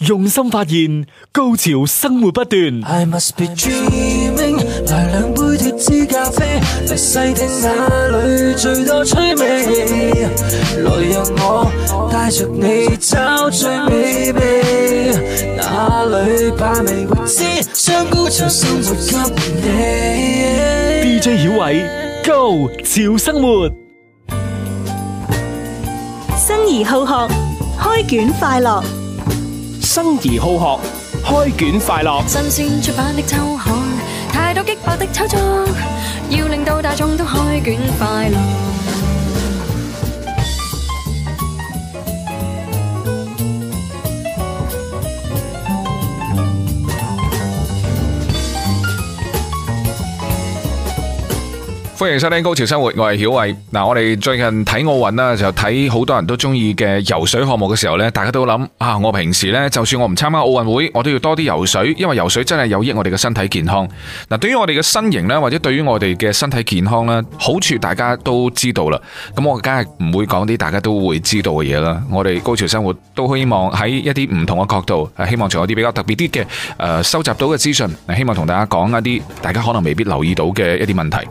用心發現，高潮生活不斷。I must be dreaming，來兩杯脫脂咖啡，嚟細聽那裏最多趣味。來讓我帶着你找最美味，哪裏把味未知，將高潮生活給你。DJ 曉偉，Go 潮生活，生而好學，開卷快樂。生而好學，開卷快樂，新鮮出版的週刊，太多激薄的炒作，要令到大眾都開卷快樂。歡迎收聽《高潮生活》，我係曉偉。嗱，我哋最近睇奧運啦，就睇好多人都中意嘅游水項目嘅時候咧，大家都諗啊，我平時咧，就算我唔參加奧運會，我都要多啲游水，因為游水真係有益我哋嘅身體健康。嗱，對於我哋嘅身形咧，或者對於我哋嘅身體健康咧，好處大家都知道啦。咁我梗係唔會講啲大家都會知道嘅嘢啦。我哋《高潮生活》都希望喺一啲唔同嘅角度，希望從一啲比較特別啲嘅誒，收集到嘅資訊，希望同大家講一啲大家可能未必留意到嘅一啲問題。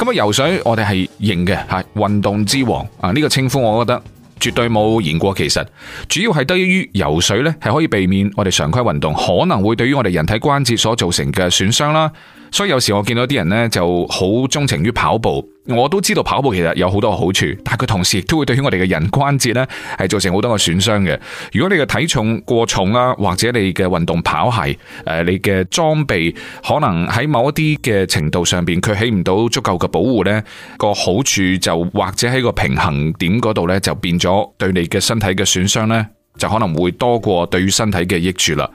咁啊，游水我哋係認嘅，係運動之王啊！呢個稱呼我覺得絕對冇言過其實。主要係得益於游水呢，係可以避免我哋常規運動可能會對於我哋人體關節所造成嘅損傷啦。所以有時我見到啲人呢就好鍾情於跑步。我都知道跑步其實有好多好處，但係佢同時亦都會對起我哋嘅人關節呢係造成好多嘅損傷嘅。如果你嘅體重過重啦，或者你嘅運動跑鞋誒，你嘅裝備可能喺某一啲嘅程度上邊，佢起唔到足夠嘅保護呢，個好處就或者喺個平衡點嗰度呢，就變咗對你嘅身體嘅損傷呢。就可能會多過對於身體嘅益處啦。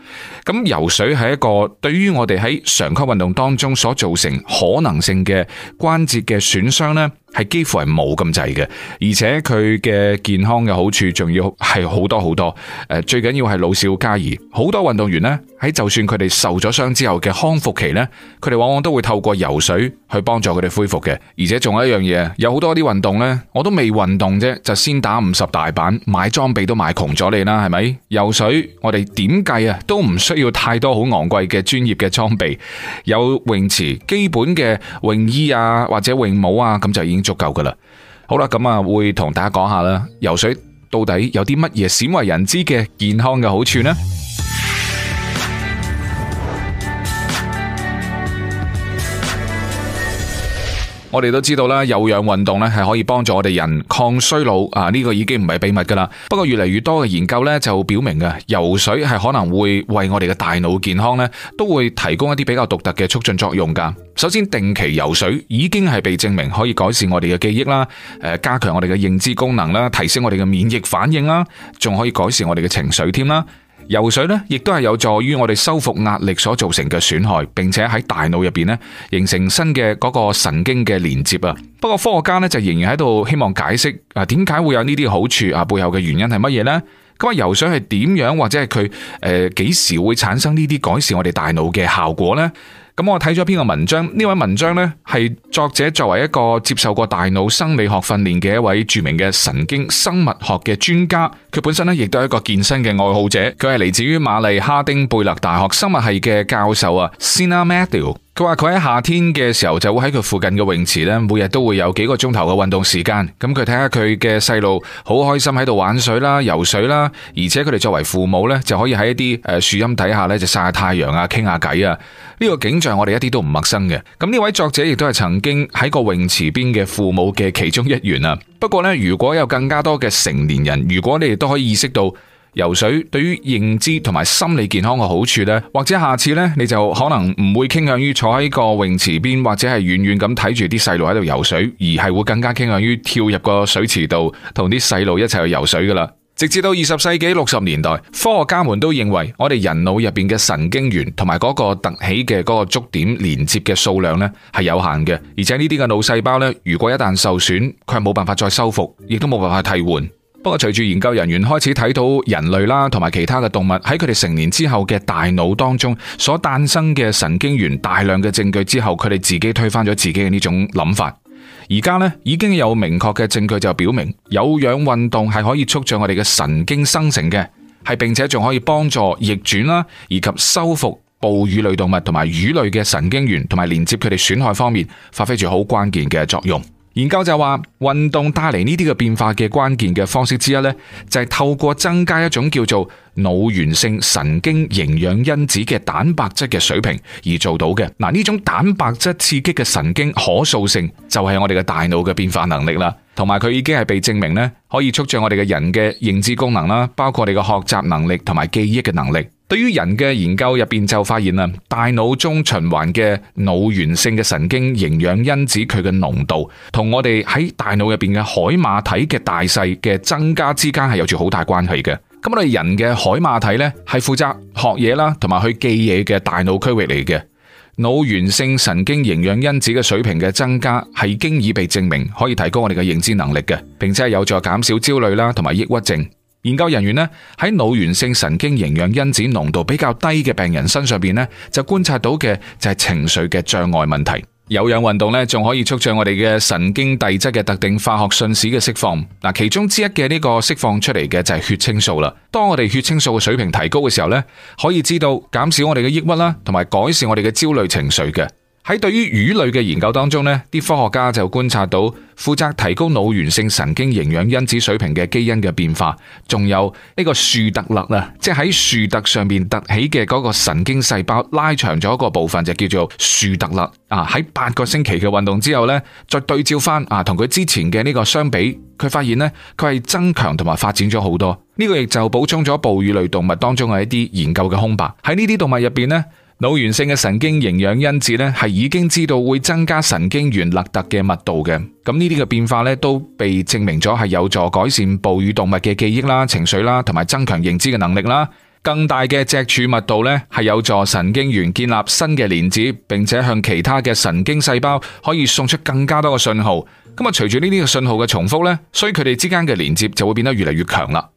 咁游水係一個對於我哋喺長期運動當中所造成可能性嘅關節嘅損傷呢。係幾乎係冇咁滯嘅，而且佢嘅健康嘅好處仲要係好多好多。誒，最緊要係老少皆宜。好多運動員呢，喺就算佢哋受咗傷之後嘅康復期呢，佢哋往往都會透過游水去幫助佢哋恢復嘅。而且仲有一樣嘢，有好多啲運動呢，我都未運動啫，就先打五十大板，買裝備都買窮咗你啦，係咪？游水我哋點計啊，都唔需要太多好昂貴嘅專業嘅裝備，有泳池、基本嘅泳衣啊或者泳帽啊，咁就已經。足夠噶啦，好啦，咁啊會同大家講下啦，游水到底有啲乜嘢鮮為人知嘅健康嘅好處呢？我哋都知道啦，有氧運動咧，係可以幫助我哋人抗衰老啊！呢個已經唔係秘密噶啦。不過越嚟越多嘅研究咧，就表明嘅，游水係可能會為我哋嘅大腦健康咧，都會提供一啲比較獨特嘅促進作用噶。首先，定期游水已經係被證明可以改善我哋嘅記憶啦，誒，加強我哋嘅認知功能啦，提升我哋嘅免疫反應啦，仲可以改善我哋嘅情緒添啦。游水呢亦都係有助於我哋修復壓力所造成嘅損害，並且喺大腦入邊呢形成新嘅嗰個神經嘅連接啊。不過科學家呢就仍然喺度希望解釋啊，點解會有呢啲好處啊？背後嘅原因係乜嘢呢？咁啊，游水係點樣或者係佢誒幾時會產生呢啲改善我哋大腦嘅效果呢？咁我睇咗篇個文章，呢位文章咧係作者作為一個接受過大腦生理學訓練嘅一位著名嘅神經生物學嘅專家，佢本身咧亦都係一個健身嘅愛好者，佢係嚟自於瑪麗哈丁貝勒大學生物系嘅教授啊，Sina Matthews 佢話佢喺夏天嘅時候就會喺佢附近嘅泳池呢，每日都會有幾個鐘頭嘅運動時間。咁佢睇下佢嘅細路好開心喺度玩水啦、游水啦，而且佢哋作為父母呢，就可以喺一啲誒樹蔭底下呢，就曬太陽啊、傾下偈啊。呢個景象我哋一啲都唔陌生嘅。咁呢位作者亦都係曾經喺個泳池邊嘅父母嘅其中一員啊。不過呢，如果有更加多嘅成年人，如果你哋都可以意識到，游水對於認知同埋心理健康嘅好處呢，或者下次呢，你就可能唔會傾向於坐喺個泳池邊，或者係遠遠咁睇住啲細路喺度游水，而係會更加傾向於跳入個水池度，同啲細路一齊去游水噶啦。直至到二十世紀六十年代，科學家們都認為我哋人腦入邊嘅神經元同埋嗰個突起嘅嗰個觸點連接嘅數量呢係有限嘅，而且呢啲嘅腦細胞呢，如果一旦受損，佢係冇辦法再修復，亦都冇辦法替換。不過，隨住研究人員開始睇到人類啦，同埋其他嘅動物喺佢哋成年之後嘅大腦當中所誕生嘅神經元大量嘅證據之後，佢哋自己推翻咗自己嘅呢種諗法。而家呢，已經有明確嘅證據就表明，有氧運動係可以促進我哋嘅神經生成嘅，係並且仲可以幫助逆轉啦，以及修復哺乳類動物同埋魚類嘅神經元，同埋連接佢哋損害方面發揮住好關鍵嘅作用。研究就話運動帶嚟呢啲嘅變化嘅關鍵嘅方式之一呢，就係透過增加一種叫做腦源性神經營養因子嘅蛋白質嘅水平而做到嘅。嗱，呢種蛋白質刺激嘅神經可塑性就係我哋嘅大腦嘅變化能力啦，同埋佢已經係被證明呢可以促進我哋嘅人嘅認知功能啦，包括我哋嘅學習能力同埋記憶嘅能力。對於人嘅研究入邊就發現啦,大腦中循環嘅腦源性嘅神經營養因子佢嘅濃度,同我哋喺大腦入邊嘅海馬體嘅大細嘅增加之間係有住好大關係嘅。咁我哋人嘅海馬體呢,係負責學嘢啦,同埋去記嘢嘅大腦區域嚟嘅。腦源性神經營養因子嘅水平嘅增加係經已被證明可以提高我哋嘅認知能力嘅,並且係有助減少焦慮啦,同埋抑鬱症。研究人員咧，喺腦源性神經營養因子濃度比較低嘅病人身上邊咧，就觀察到嘅就係情緒嘅障礙問題。有氧運動咧，仲可以促進我哋嘅神經遞質嘅特定化學信使嘅釋放。嗱，其中之一嘅呢個釋放出嚟嘅就係血清素啦。當我哋血清素嘅水平提高嘅時候呢，可以知道減少我哋嘅抑鬱啦，同埋改善我哋嘅焦慮情緒嘅。喺對於魚類嘅研究當中呢啲科學家就觀察到負責提高腦源性神經營養因子水平嘅基因嘅變化，仲有呢個樹突勒，啦，即係喺樹突上面突起嘅嗰個神經細胞拉長咗一個部分，就叫做樹突勒。啊。喺八個星期嘅運動之後呢再對照翻啊同佢之前嘅呢個相比，佢發現呢，佢係增強同埋發展咗好多。呢個亦就補充咗哺乳類動物當中嘅一啲研究嘅空白。喺呢啲動物入邊呢。腦源性嘅神經營養因子咧，係已經知道會增加神經元納特嘅密度嘅。咁呢啲嘅變化咧，都被證明咗係有助改善哺乳動物嘅記憶啦、情緒啦，同埋增強認知嘅能力啦。更大嘅脊柱密度咧，係有助神經元建立新嘅連接，並且向其他嘅神經細胞可以送出更加多嘅信號。咁啊，隨住呢啲嘅信號嘅重複咧，所以佢哋之間嘅連接就會變得越嚟越強啦。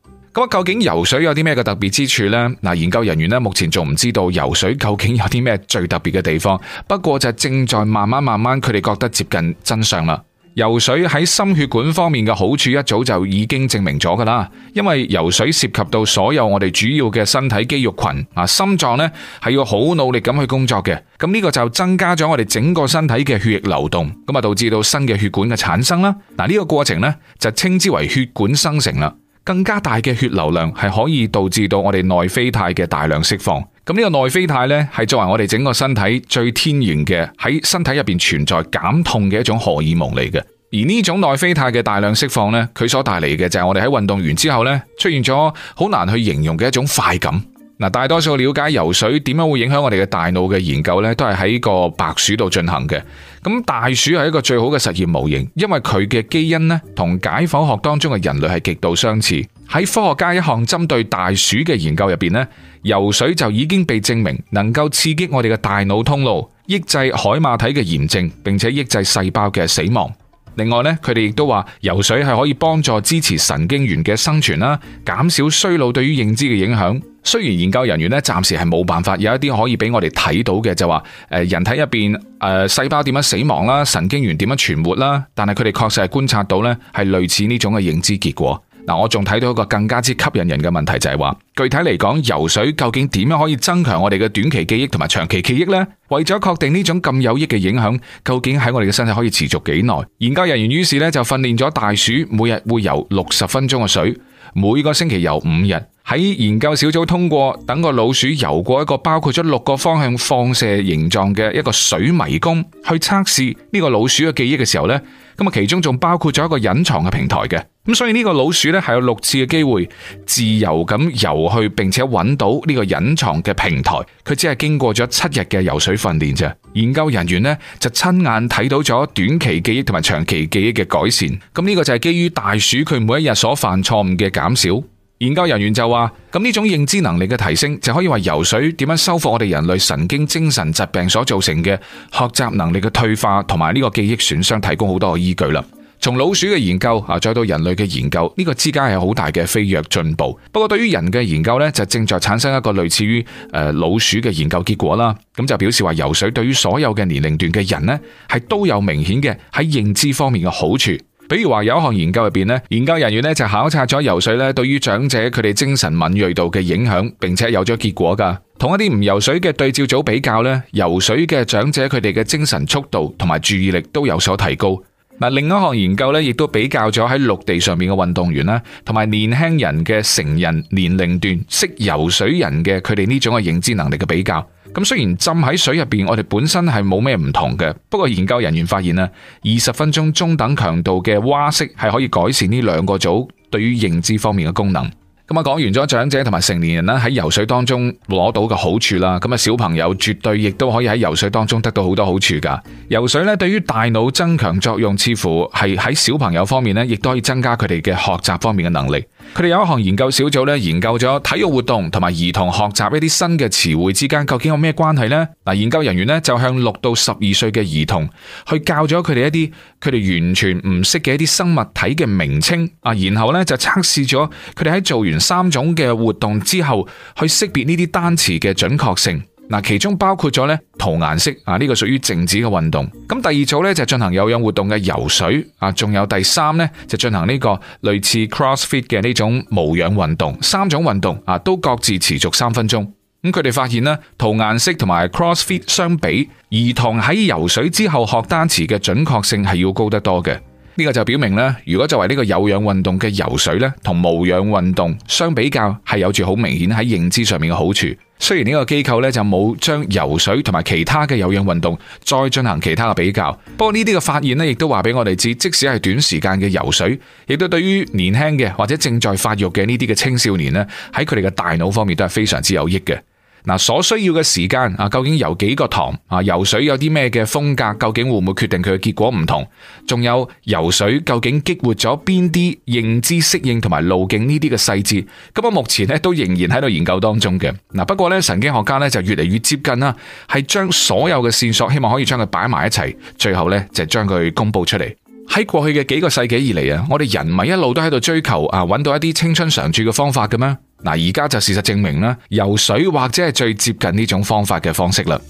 究竟游水有啲咩嘅特別之處呢？嗱，研究人員咧，目前仲唔知道游水究竟有啲咩最特別嘅地方。不過就正在慢慢慢慢，佢哋覺得接近真相啦。游水喺心血管方面嘅好處一早就已經證明咗噶啦，因為游水涉及到所有我哋主要嘅身體肌肉群啊，心臟咧係要好努力咁去工作嘅。咁、這、呢個就增加咗我哋整個身體嘅血液流動，咁啊導致到新嘅血管嘅產生啦。嗱，呢個過程呢就稱之為血管生成啦。更加大嘅血流量係可以導致到我哋內啡肽嘅大量釋放，咁呢個內啡肽呢，係作為我哋整個身體最天然嘅喺身體入邊存在減痛嘅一種荷爾蒙嚟嘅，而呢種內啡肽嘅大量釋放呢，佢所帶嚟嘅就係我哋喺運動完之後呢，出現咗好難去形容嘅一種快感。嗱，大多數了解游水點樣會影響我哋嘅大腦嘅研究呢，都係喺個白鼠度進行嘅。咁大鼠係一個最好嘅實驗模型，因為佢嘅基因呢，同解剖學當中嘅人類係極度相似。喺科學家一項針對大鼠嘅研究入邊呢，游水就已經被證明能夠刺激我哋嘅大腦通路，抑制海馬體嘅炎症，並且抑制細胞嘅死亡。另外咧，佢哋亦都話游水係可以幫助支持神經元嘅生存啦，減少衰老對於認知嘅影響。雖然研究人員咧暫時係冇辦法，有一啲可以俾我哋睇到嘅就話，人體入邊誒細胞點樣死亡啦，神經元點樣存活啦，但係佢哋確實係觀察到呢係類似呢種嘅認知結果。嗱，我仲睇到一個更加之吸引人嘅問題，就係話具體嚟講，游水究竟點樣可以增強我哋嘅短期記憶同埋長期記憶咧？為咗確定呢種咁有益嘅影響，究竟喺我哋嘅身體可以持續幾耐？研究人員於是咧就訓練咗大鼠，每日會游六十分鐘嘅水，每個星期游五日。喺研究小組通過等個老鼠游過一個包括咗六個方向放射形狀嘅一個水迷宮去測試呢個老鼠嘅記憶嘅時候呢，咁啊其中仲包括咗一個隱藏嘅平台嘅，咁所以呢個老鼠呢係有六次嘅機會自由咁游去，並且揾到呢個隱藏嘅平台，佢只係經過咗七日嘅游水訓練啫。研究人員呢就親眼睇到咗短期記憶同埋長期記憶嘅改善，咁呢個就係基於大鼠佢每一日所犯錯誤嘅減少。研究人員就話：咁呢種認知能力嘅提升，就可以話游水點樣修復我哋人類神經精神疾病所造成嘅學習能力嘅退化，同埋呢個記憶損傷，提供好多個依據啦。從老鼠嘅研究啊，再到人類嘅研究，呢個之間係好大嘅飛躍進步。不過對於人嘅研究呢，就正在產生一個類似於誒老鼠嘅研究結果啦。咁就表示話游水對於所有嘅年齡段嘅人呢，係都有明顯嘅喺認知方面嘅好處。比如話有一項研究入邊呢，研究人員呢，就考察咗游水咧，對於長者佢哋精神敏銳度嘅影響，並且有咗結果噶，同一啲唔游水嘅對照組比較呢，游水嘅長者佢哋嘅精神速度同埋注意力都有所提高嗱。另一項研究呢，亦都比較咗喺陸地上面嘅運動員啦，同埋年輕人嘅成人年齡段識游水人嘅佢哋呢種嘅認知能力嘅比較。咁雖然浸喺水入邊，我哋本身係冇咩唔同嘅。不過研究人員發現呢，二十分鐘中等強度嘅蛙式係可以改善呢兩個組對於認知方面嘅功能。咁啊，講完咗長者同埋成年人啦，喺游水當中攞到嘅好處啦。咁啊，小朋友絕對亦都可以喺游水當中得到好多好處噶。游水咧，對於大腦增強作用，似乎係喺小朋友方面咧，亦都可以增加佢哋嘅學習方面嘅能力。佢哋有一項研究小組咧，研究咗體育活動同埋兒童學習一啲新嘅詞彙之間究竟有咩關係呢？嗱，研究人員咧就向六到十二歲嘅兒童去教咗佢哋一啲佢哋完全唔識嘅一啲生物體嘅名稱啊，然後咧就測試咗佢哋喺做完三種嘅活動之後去識別呢啲單詞嘅準確性。嗱，其中包括咗咧塗顏色啊，呢個屬於靜止嘅運動。咁第二組咧就進行有氧活動嘅游水啊，仲有第三咧就進行呢個類似 CrossFit 嘅呢種無氧運動。三種運動啊，都各自持續三分鐘。咁佢哋發現咧，塗顏色同埋 CrossFit 相比，兒童喺游水之後學單詞嘅準確性係要高得多嘅。呢個就表明咧，如果作為呢個有氧運動嘅游水咧，同無氧運動相比較，係有住好明顯喺認知上面嘅好處。雖然呢個機構呢就冇將游水同埋其他嘅有氧運動再進行其他嘅比較，不過呢啲嘅發現呢亦都話俾我哋知，即使係短時間嘅游水，亦都對於年輕嘅或者正在發育嘅呢啲嘅青少年呢，喺佢哋嘅大腦方面都係非常之有益嘅。嗱，所需要嘅時間啊，究竟游幾個堂啊？游水有啲咩嘅風格？究竟會唔會決定佢嘅結果唔同？仲有游水究竟激活咗邊啲認知適應同埋路徑呢啲嘅細節？咁啊，目前咧都仍然喺度研究當中嘅。嗱，不過咧，神經學家咧就越嚟越接近啦，係將所有嘅線索，希望可以將佢擺埋一齊，最後咧就將、是、佢公布出嚟。喺過去嘅幾個世紀以嚟啊，我哋人咪一路都喺度追求啊，搵到一啲青春常駐嘅方法嘅咩？嗱，而家就事實證明啦，游水或者係最接近呢種方法嘅方式啦。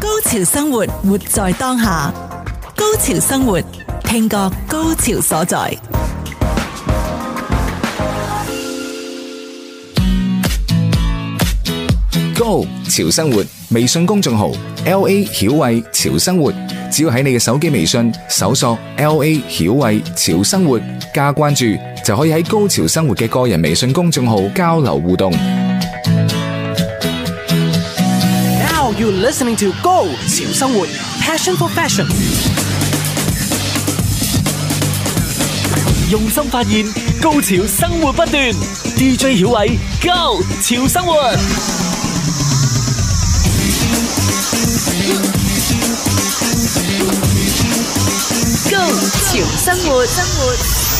高潮生活，活在當下。高潮生活，聽過高潮所在。Go！潮生活微信公眾號 L A 曉慧潮生活，只要喺你嘅手機微信搜索 L A 曉慧潮生活，加關注。就可以喺高潮生活嘅個人微信公眾號交流互動。Now you listening to 高潮生活，passion for fashion。用心發現，高潮生活不斷。DJ 曉偉，高潮生活。高潮生活，生活。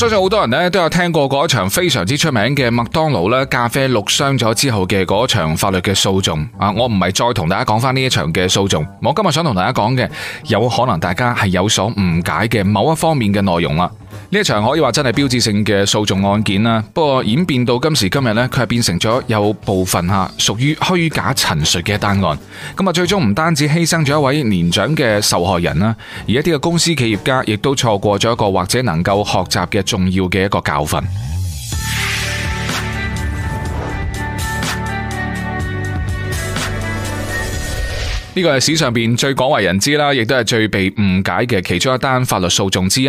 相信好多人咧都有聽過嗰一場非常之出名嘅麥當勞咧咖啡淥傷咗之後嘅嗰場法律嘅訴訟啊。我唔係再同大家講返呢一場嘅訴訟，我今日想同大家講嘅，有可能大家係有所誤解嘅某一方面嘅內容啦。呢一場可以話真係標誌性嘅訴訟案件啦，不過演變到今時今日呢，佢係變成咗有部分吓屬於虛假陳述嘅一單案。咁啊，最終唔單止犧牲咗一位年長嘅受害人啦，而一啲嘅公司企業家亦都錯過咗一個或者能夠學習嘅重要嘅一個教訓。呢個係史上面最廣為人知啦，亦都係最被誤解嘅其中一單法律訴訟之一。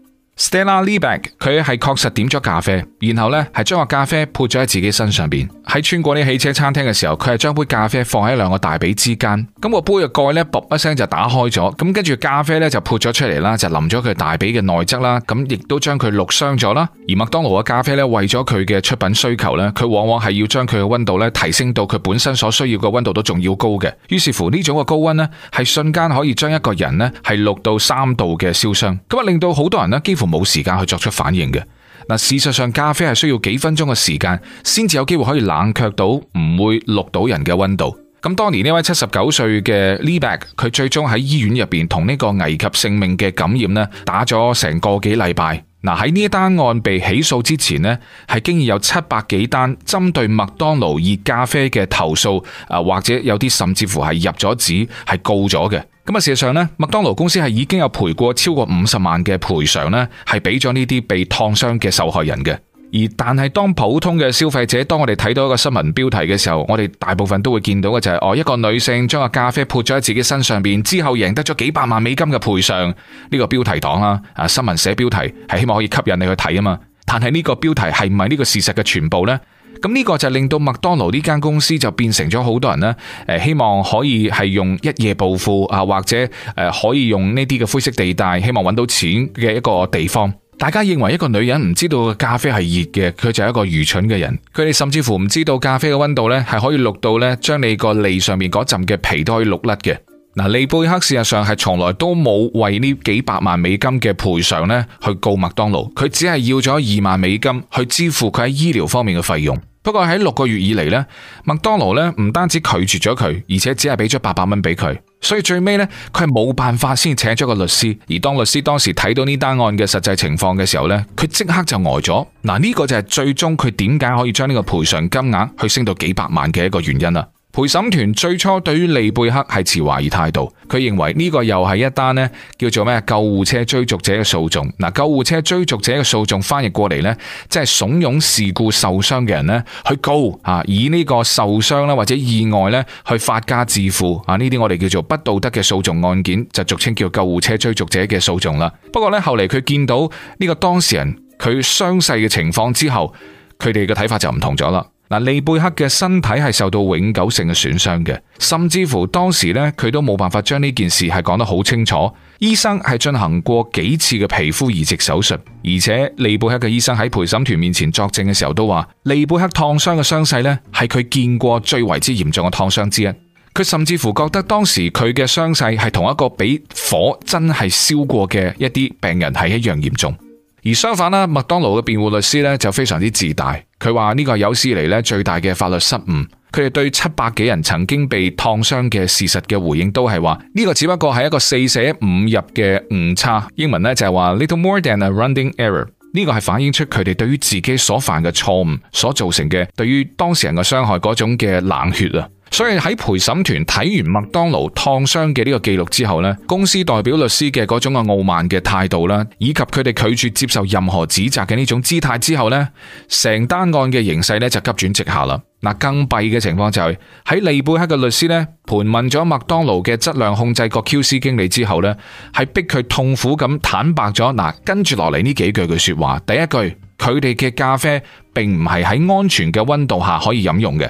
Stella Liebeck 佢係確實點咗咖啡，然後呢係將個咖啡潑咗喺自己身上邊。喺穿過呢汽車餐廳嘅時候，佢係將杯咖啡放喺兩個大髀之間，咁、個杯嘅蓋呢，噗一聲就打開咗，咁跟住咖啡呢，就潑咗出嚟啦，就淋咗佢大髀嘅內側啦，咁亦都將佢燙傷咗啦。而麥當勞嘅咖啡呢，為咗佢嘅出品需求呢，佢往往係要將佢嘅溫度呢提升到佢本身所需要嘅溫度都仲要高嘅。於是乎呢種嘅高溫呢，係瞬間可以將一個人呢係燙到三度嘅燒傷，咁啊令到好多人呢幾乎，冇時間去作出反應嘅。嗱，事實上咖啡係需要幾分鐘嘅時間，先至有機會可以冷卻到唔會錄到人嘅温度。咁當年呢位七十九歲嘅 Liebeck，佢最終喺醫院入邊同呢個危及性命嘅感染咧打咗成個幾禮拜。嗱，喺呢一單案被起訴之前呢，係經已有七百幾單針對麥當勞熱咖啡嘅投訴啊，或者有啲甚至乎係入咗紙係告咗嘅。咁啊，事實上咧，麥當勞公司係已經有賠過超過五十萬嘅賠償咧，係俾咗呢啲被燙傷嘅受害人嘅。而但係當普通嘅消費者，當我哋睇到一個新聞標題嘅時候，我哋大部分都會見到嘅就係、是、哦，一個女性將個咖啡潑咗喺自己身上邊之後，贏得咗幾百萬美金嘅賠償呢，呢個標題黨啦。啊，新聞寫標題係希望可以吸引你去睇啊嘛。但係呢個標題係唔係呢個事實嘅全部呢？咁呢個就令到麥當勞呢間公司就變成咗好多人咧，誒希望可以係用一夜暴富啊，或者誒可以用呢啲嘅灰色地帶，希望揾到錢嘅一個地方。大家認為一個女人唔知道咖啡係熱嘅，佢就係一個愚蠢嘅人。佢哋甚至乎唔知道咖啡嘅温度呢係可以淥到呢將你個脷上面嗰浸嘅皮都可以淥甩嘅。嗱，利貝克事實上係從來都冇為呢幾百萬美金嘅賠償呢去告麥當勞，佢只係要咗二萬美金去支付佢喺醫療方面嘅費用。不過喺六個月以嚟，呢麥當勞呢唔單止拒絕咗佢，而且只係俾咗八百蚊俾佢，所以最尾呢，佢係冇辦法先請咗個律師，而當律師當時睇到呢單案嘅實際情況嘅時候呢，佢即刻就呆咗。嗱、這、呢個就係最終佢點解可以將呢個賠償金額去升到幾百萬嘅一個原因啦。陪審團最初對於利貝克係持懷疑態度，佢認為呢個又係一單呢叫做咩救護車追逐者嘅訴訟。嗱，救護車追逐者嘅訴訟翻譯過嚟呢，即係慫恿事故受傷嘅人呢去告啊，以呢個受傷呢或者意外呢去發家致富啊，呢啲我哋叫做不道德嘅訴訟案件，就俗稱叫救護車追逐者嘅訴訟啦。不過呢，後嚟佢見到呢個當事人佢傷勢嘅情況之後，佢哋嘅睇法就唔同咗啦。嗱，利貝克嘅身體係受到永久性嘅損傷嘅，甚至乎當時呢，佢都冇辦法將呢件事係講得好清楚。醫生係進行過幾次嘅皮膚移植手術，而且利貝克嘅醫生喺陪審團面前作證嘅時候都話，利貝克燙傷嘅傷勢呢係佢見過最為之嚴重嘅燙傷之一。佢甚至乎覺得當時佢嘅傷勢係同一個俾火真係燒過嘅一啲病人係一樣嚴重。而相反啦，麥當勞嘅辯護律師呢就非常之自大。佢話呢個有史以嚟，最大嘅法律失誤。佢哋對七百幾人曾經被燙傷嘅事實嘅回應都係話呢個只不過係一個四捨五入嘅誤差。英文呢就係話 little more than a rounding error。呢個係反映出佢哋對於自己所犯嘅錯誤所造成嘅對於當事人嘅傷害嗰種嘅冷血啊。所以喺陪審團睇完麥當勞燙傷嘅呢個記錄之後呢，公司代表律師嘅嗰種嘅傲慢嘅態度啦，以及佢哋拒絕接受任何指責嘅呢種姿態之後呢，成單案嘅形勢呢就急轉直下啦。嗱，更弊嘅情況就係喺利貝克嘅律師呢盤問咗麥當勞嘅質量控制個 Q C 經理之後呢，係逼佢痛苦咁坦白咗。嗱，跟住落嚟呢幾句句說話，第一句，佢哋嘅咖啡並唔係喺安全嘅溫度下可以飲用嘅。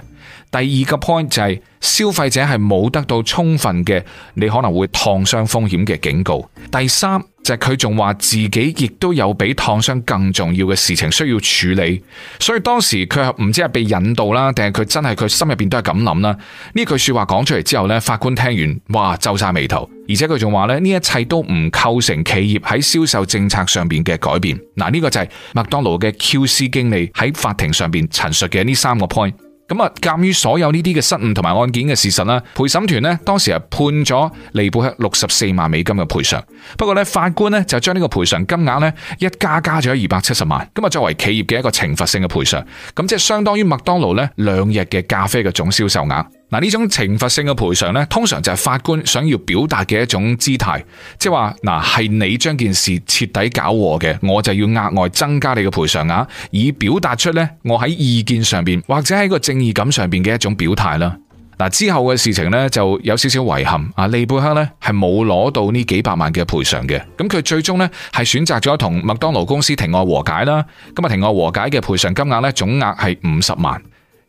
第二個 point 就係消費者係冇得到充分嘅，你可能會燙傷風險嘅警告。第三就係佢仲話自己亦都有比燙傷更重要嘅事情需要處理，所以當時佢係唔知係被引導啦，定係佢真係佢心入邊都係咁諗啦。呢句話說話講出嚟之後呢，法官聽完，哇皺晒眉頭，而且佢仲話咧，呢一切都唔構成企業喺銷售政策上邊嘅改變。嗱、這、呢個就係麥當勞嘅 QC 經理喺法庭上邊陳述嘅呢三個 point。咁啊，鑒於所有呢啲嘅失誤同埋案件嘅事實啦，陪審團呢當時係判咗尼布克六十四萬美金嘅賠償。不過呢，法官呢就將呢個賠償金額呢一加加咗二百七十萬，咁啊作為企業嘅一個懲罰性嘅賠償。咁即係相當於麥當勞呢兩日嘅咖啡嘅總銷售額。嗱呢種懲罰性嘅賠償咧，通常就係法官想要表達嘅一種姿態，即係話嗱係你將件事徹底搞和嘅，我就要額外增加你嘅賠償額，以表達出咧我喺意見上邊或者喺個正義感上邊嘅一種表態啦。嗱之後嘅事情咧就有少少遺憾，阿利貝克咧係冇攞到呢幾百萬嘅賠償嘅，咁佢最終咧係選擇咗同麥當勞公司庭外和解啦。咁日庭外和解嘅賠償金額咧總額係五十萬。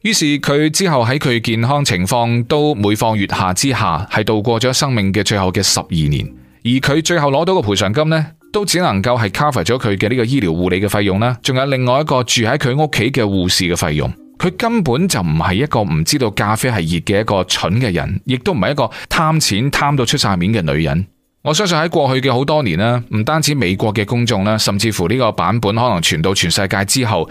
於是佢之後喺佢健康情況都每況愈下之下，係度過咗生命嘅最後嘅十二年。而佢最後攞到嘅賠償金呢，都只能夠係 cover 咗佢嘅呢個醫療護理嘅費用啦，仲有另外一個住喺佢屋企嘅護士嘅費用。佢根本就唔係一個唔知道咖啡係熱嘅一個蠢嘅人，亦都唔係一個貪錢貪到出晒面嘅女人。我相信喺過去嘅好多年啦，唔單止美國嘅公眾啦，甚至乎呢個版本可能傳到全世界之後。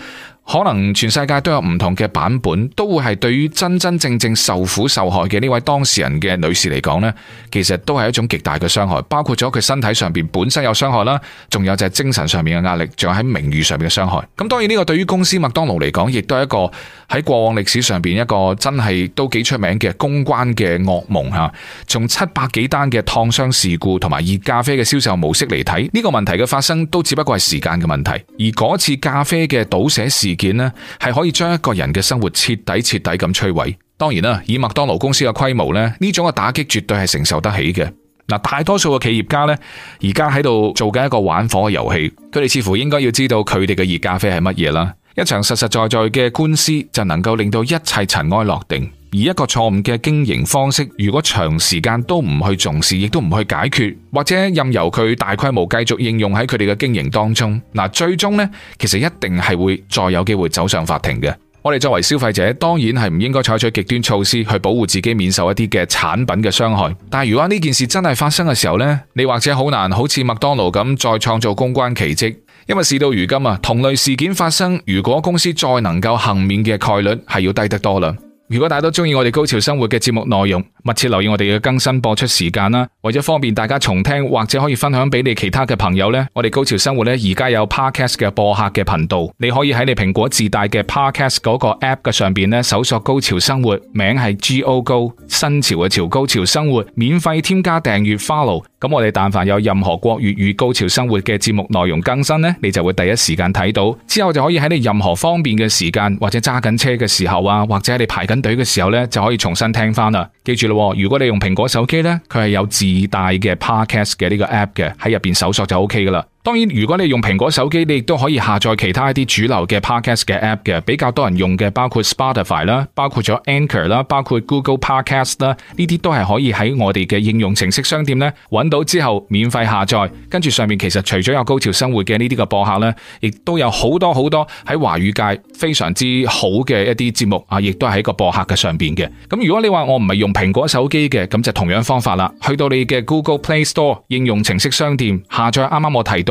可能全世界都有唔同嘅版本，都會係對於真真正正受苦受害嘅呢位當事人嘅女士嚟講呢，其實都係一種極大嘅傷害，包括咗佢身體上邊本身有傷害啦，仲有就係精神上面嘅壓力，仲有喺名譽上面嘅傷害。咁當然呢個對於公司麥當勞嚟講，亦都係一個。喺過往歷史上邊，一個真係都幾出名嘅公關嘅噩夢吓，從七百幾單嘅燙傷事故同埋熱咖啡嘅銷售模式嚟睇，呢個問題嘅發生都只不過係時間嘅問題。而嗰次咖啡嘅倒瀉事件呢，係可以將一個人嘅生活徹底徹底咁摧毀。當然啦，以麥當勞公司嘅規模呢，呢種嘅打擊絕對係承受得起嘅。嗱，大多數嘅企業家呢，而家喺度做緊一個玩火嘅遊戲，佢哋似乎應該要知道佢哋嘅熱咖啡係乜嘢啦。一場實實在在嘅官司就能夠令到一切塵埃落定，而一個錯誤嘅經營方式，如果長時間都唔去重視，亦都唔去解決，或者任由佢大規模繼續應用喺佢哋嘅經營當中，嗱，最終呢，其實一定係會再有機會走上法庭嘅。我哋作為消費者，當然係唔應該採取極端措施去保護自己免受一啲嘅產品嘅傷害。但如果呢件事真係發生嘅時候呢，你或者好難好似麥當勞咁再創造公關奇蹟。因為事到如今啊，同類事件發生，如果公司再能夠幸免嘅概率係要低得多啦。如果大家都中意我哋高潮生活嘅節目內容，密切留意我哋嘅更新播出時間啦。為咗方便大家重聽或者可以分享俾你其他嘅朋友呢，我哋高潮生活呢而家，有 podcast 嘅播客嘅頻道，你可以喺你蘋果自帶嘅 podcast 嗰個 app 嘅上邊呢，搜索，高潮生活，名係 Go Go 新潮嘅潮，高潮生活，免費添加訂閱 follow。咁我哋但凡有任何國粵語高潮生活嘅節目內容更新呢，你就會第一時間睇到，之後就可以喺你任何方便嘅時間或者揸緊車嘅時候啊，或者，或者你排緊。隊嘅時候咧，就可以重新聽翻啦。記住咯，如果你用蘋果手機咧，佢係有自帶嘅 Podcast 嘅呢個 app 嘅，喺入邊搜索就 OK 噶啦。當然，如果你用蘋果手機，你亦都可以下載其他一啲主流嘅 podcast 嘅 app 嘅，比較多人用嘅，包括 Spotify 啦，包括咗 Anchor 啦，包括 Google Podcast 啦，呢啲都係可以喺我哋嘅應用程式商店呢揾到之後免費下載。跟住上面其實除咗有高潮生活嘅呢啲嘅播客呢，亦都有好多好多喺華語界非常之好嘅一啲節目啊，亦都係喺個播客嘅上邊嘅。咁如果你話我唔係用蘋果手機嘅，咁就同樣方法啦，去到你嘅 Google Play Store 應用程式商店下載啱啱我提到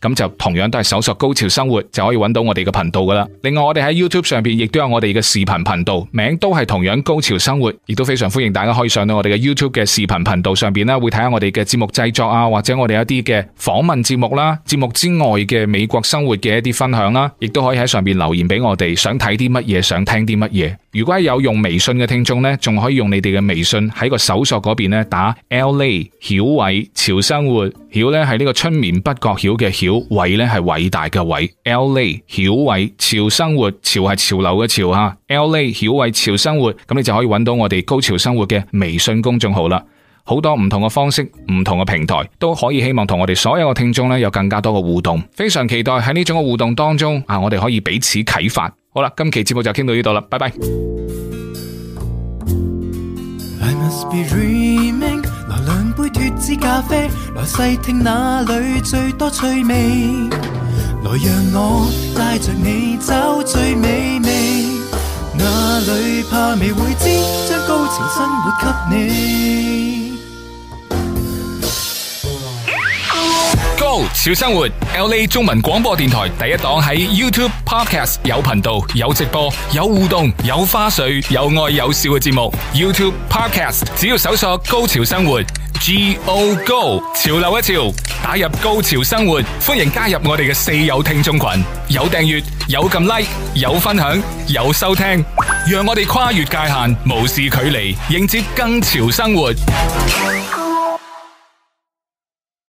咁就同樣都係搜索高潮生活，就可以揾到我哋嘅頻道噶啦。另外我哋喺 YouTube 上邊亦都有我哋嘅視頻頻道名都係同樣高潮生活，亦都非常歡迎大家可以上到我哋嘅 YouTube 嘅視頻頻道上邊啦，會睇下我哋嘅節目製作啊，或者我哋一啲嘅訪問節目啦，節目之外嘅美國生活嘅一啲分享啦，啊，亦都可以喺上邊留言俾我哋，想睇啲乜嘢，想聽啲乜嘢。如果有用微信嘅聽眾呢，仲可以用你哋嘅微信喺個搜索嗰邊咧打 Lay 曉偉潮生活曉呢係呢個春眠不覺曉嘅曉。曉偉咧係偉大嘅偉，L A 曉偉潮生活潮係潮流嘅潮啊，L A 曉偉潮生活，咁你就可以揾到我哋高潮生活嘅微信公眾號啦。好多唔同嘅方式，唔同嘅平台都可以，希望同我哋所有嘅聽眾呢有更加多嘅互動。非常期待喺呢種嘅互動當中啊，我哋可以彼此啟發。好啦，今期節目就傾到呢度啦，拜拜。脫脂咖啡，來細聽哪裏最多趣味。來讓我帶着你找最美味，哪裏怕未會知，將高潮生活給你。高潮生活，LA 中文廣播電台第一檔喺 YouTube Podcast 有頻道、有直播、有互動、有花絮、有愛有笑嘅節目。YouTube Podcast 只要搜索“高潮生活”。G O Go，潮流一潮，打入高潮生活。歡迎加入我哋嘅四友聽眾群，有訂閱，有撳 like，有分享，有收聽，讓我哋跨越界限，無視距離，迎接更潮生活。